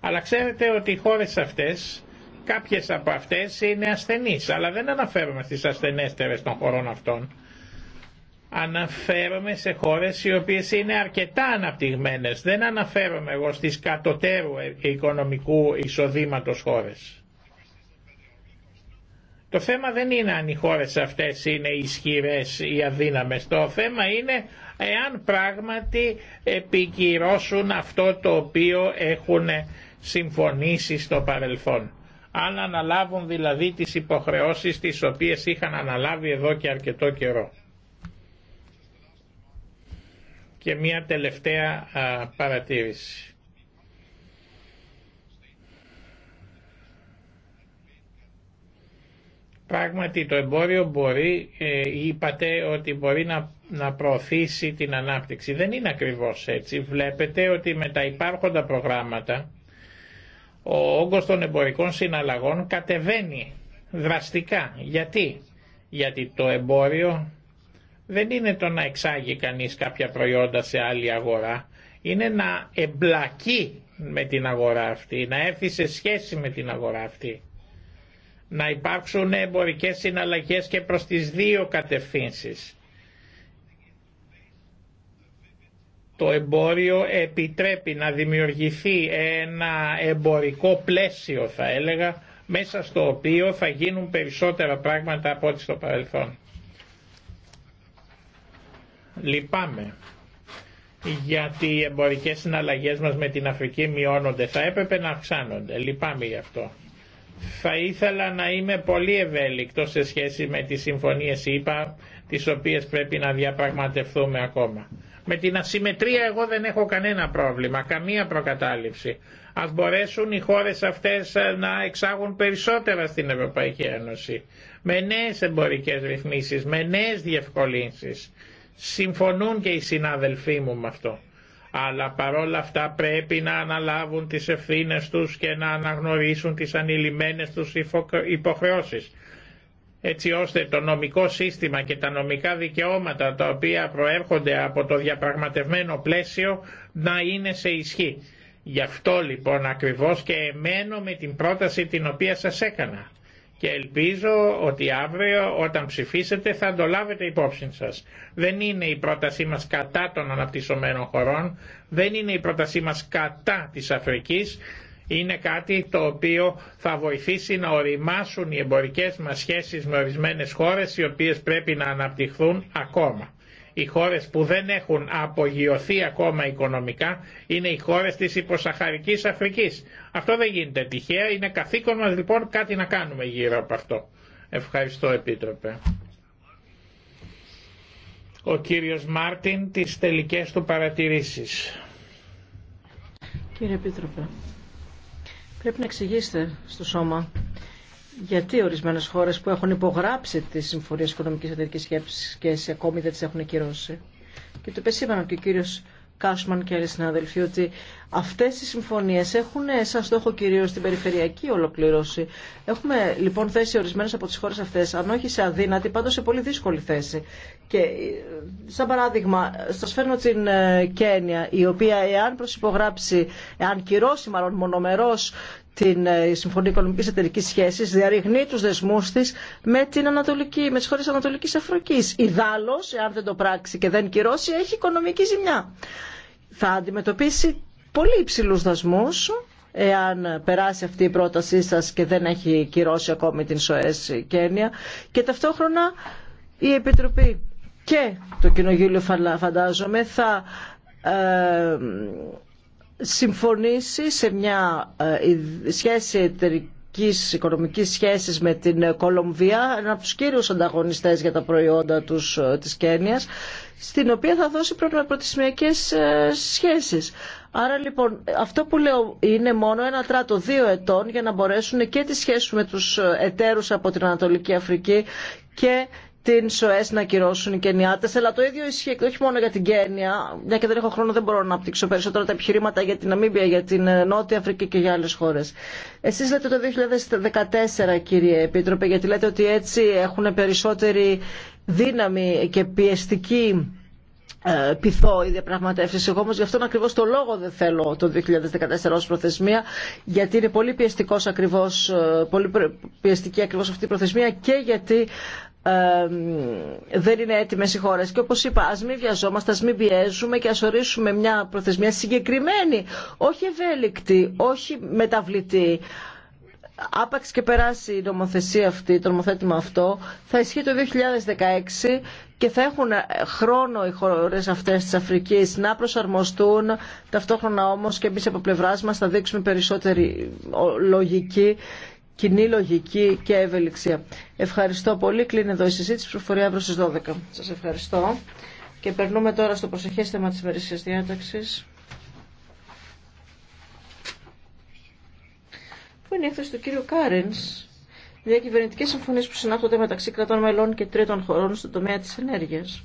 Αλλά ξέρετε ότι οι χώρες αυτές, κάποιες από αυτές είναι ασθενείς, αλλά δεν αναφέρομαι στις ασθενέστερες των χωρών αυτών. Αναφέρομαι σε χώρες οι οποίες είναι αρκετά αναπτυγμένες. Δεν αναφέρομαι εγώ στις κατωτέρου οικονομικού εισοδήματος χώρες. Το θέμα δεν είναι αν οι χώρες αυτές είναι ισχυρές ή αδύναμες. Το θέμα είναι εάν πράγματι επικυρώσουν αυτό το οποίο έχουν συμφωνήσει στο παρελθόν. Αν αναλάβουν δηλαδή τις υποχρεώσεις τις οποίες είχαν αναλάβει εδώ και αρκετό καιρό. Και μια τελευταία παρατήρηση. Πράγματι το εμπόριο μπορεί, ε, είπατε ότι μπορεί να, να προωθήσει την ανάπτυξη. Δεν είναι ακριβώς έτσι. Βλέπετε ότι με τα υπάρχοντα προγράμματα ο όγκος των εμπορικών συναλλαγών κατεβαίνει δραστικά. Γιατί? Γιατί το εμπόριο δεν είναι το να εξάγει κανείς κάποια προϊόντα σε άλλη αγορά. Είναι να εμπλακεί με την αγορά αυτή, να έρθει σε σχέση με την αγορά αυτή να υπάρξουν εμπορικές συναλλαγές και προς τις δύο κατευθύνσεις. Το εμπόριο επιτρέπει να δημιουργηθεί ένα εμπορικό πλαίσιο θα έλεγα μέσα στο οποίο θα γίνουν περισσότερα πράγματα από ό,τι στο παρελθόν. Λυπάμαι γιατί οι εμπορικές συναλλαγές μας με την Αφρική μειώνονται. Θα έπρεπε να αυξάνονται. Λυπάμαι γι' αυτό. Θα ήθελα να είμαι πολύ ευέλικτο σε σχέση με τις συμφωνίες ΕΙΠΑ, τις οποίες πρέπει να διαπραγματευτούμε ακόμα. Με την ασυμμετρία εγώ δεν έχω κανένα πρόβλημα, καμία προκατάληψη. Ας μπορέσουν οι χώρες αυτές ε, να εξάγουν περισσότερα στην Ευρωπαϊκή Ένωση, με νέες εμπορικές ρυθμίσεις, με νέες διευκολύνσεις. Συμφωνούν και οι συνάδελφοί μου με αυτό αλλά παρόλα αυτά πρέπει να αναλάβουν τις ευθύνες τους και να αναγνωρίσουν τις ανηλυμένες τους υποχρεώσεις έτσι ώστε το νομικό σύστημα και τα νομικά δικαιώματα τα οποία προέρχονται από το διαπραγματευμένο πλαίσιο να είναι σε ισχύ. Γι' αυτό λοιπόν ακριβώς και εμένω με την πρόταση την οποία σας έκανα και ελπίζω ότι αύριο όταν ψηφίσετε θα το λάβετε υπόψη σας. Δεν είναι η πρότασή μας κατά των αναπτυσσομένων χωρών, δεν είναι η πρότασή μας κατά της Αφρικής, είναι κάτι το οποίο θα βοηθήσει να οριμάσουν οι εμπορικές μας σχέσεις με ορισμένες χώρες οι οποίες πρέπει να αναπτυχθούν ακόμα. Οι χώρες που δεν έχουν απογειωθεί ακόμα οικονομικά είναι οι χώρες της υποσαχαρικής Αφρικής. Αυτό δεν γίνεται τυχαία, είναι καθήκον μας λοιπόν κάτι να κάνουμε γύρω από αυτό. Ευχαριστώ Επίτροπε. Ο κύριος Μάρτιν τις τελικές του παρατηρήσεις. Κύριε Επίτροπε, πρέπει να εξηγήσετε στο σώμα γιατί ορισμένες χώρες που έχουν υπογράψει τις συμφωνίες οικονομικής εταιρικής σχέσης και ακόμη δεν τις έχουν κυρώσει. Και το σήμερα και ο κύριος Κάσμαν και άλλοι συναδελφοί ότι αυτές οι συμφωνίες έχουν σαν στόχο κυρίως την περιφερειακή ολοκληρώση. Έχουμε λοιπόν θέσει ορισμένες από τις χώρες αυτές, αν όχι σε αδύνατη, πάντως σε πολύ δύσκολη θέση. Και ε, σαν παράδειγμα, σας φέρνω την ε, Κένια, η οποία εάν προσυπογράψει, εάν κυρώσει μάλλον μονομερός την ε, Συμφωνία Οικονομική Εταιρική σχέση, διαρριγνεί του δεσμούς τη με, την Ανατολική, με τις χώρες Ανατολικής εάν δεν το πράξει και δεν κυρώσει, έχει οικονομική ζημιά. Θα αντιμετωπίσει πολύ υψηλού δασμούς εάν περάσει αυτή η πρότασή σας και δεν έχει κυρώσει ακόμη την ΣΟΕΣ Κένια και ταυτόχρονα η Επιτροπή και το Κοινογύλιο φαντάζομαι θα ε, συμφωνήσει σε μια ε, σχέση εταιρική οικονομικής σχέσης με την Κολομβία, ένα από τους κύριους ανταγωνιστές για τα προϊόντα τους, ε, της Κένιας, στην οποία θα δώσει προτισμιακές ε, σχέσεις. Άρα λοιπόν αυτό που λέω είναι μόνο ένα τράτο δύο ετών για να μπορέσουν και τις σχέσεις με τους εταίρους από την Ανατολική Αφρική και την ΣΟΕΣ να ακυρώσουν οι Κενιάτε. Αλλά το ίδιο ισχύει όχι μόνο για την Κένια, μια και δεν έχω χρόνο, δεν μπορώ να αναπτύξω περισσότερα τα επιχειρήματα για την Αμίμπια, για την ε, Νότια Αφρική και για άλλε χώρε. Εσεί λέτε το 2014, κύριε Επίτροπε, γιατί λέτε ότι έτσι έχουν περισσότερη δύναμη και πιεστική ε, πυθό οι διαπραγματεύσει. Εγώ όμω γι' αυτόν ακριβώ το λόγο δεν θέλω το 2014 ω προθεσμία, γιατί είναι πολύ, πιεστικός ακριβώς, ε, πολύ πιεστική ακριβώ αυτή η προθεσμία και γιατί δεν είναι έτοιμε οι χώρε. Και όπω είπα, α μην βιαζόμαστε, α μην πιέζουμε και α ορίσουμε μια προθεσμία συγκεκριμένη, όχι ευέλικτη, όχι μεταβλητή. Άπαξ και περάσει η νομοθεσία αυτή, το νομοθέτημα αυτό, θα ισχύει το 2016 και θα έχουν χρόνο οι χώρες αυτές της Αφρικής να προσαρμοστούν ταυτόχρονα όμω και εμεί από πλευρά μα θα δείξουμε περισσότερη λογική κοινή λογική και ευελιξία. Ευχαριστώ πολύ. Κλείνει εδώ η συζήτηση. Προφορία αύριο στι 12. Σας ευχαριστώ. Και περνούμε τώρα στο προσεχές θέμα της ημερησία διάταξη. Που είναι η έκθεση του κύριου Κάρενς. Διακυβερνητικές συμφωνίες που συνάπτονται μεταξύ κρατών μελών και τρίτων χωρών στον τομέα της ενέργειας.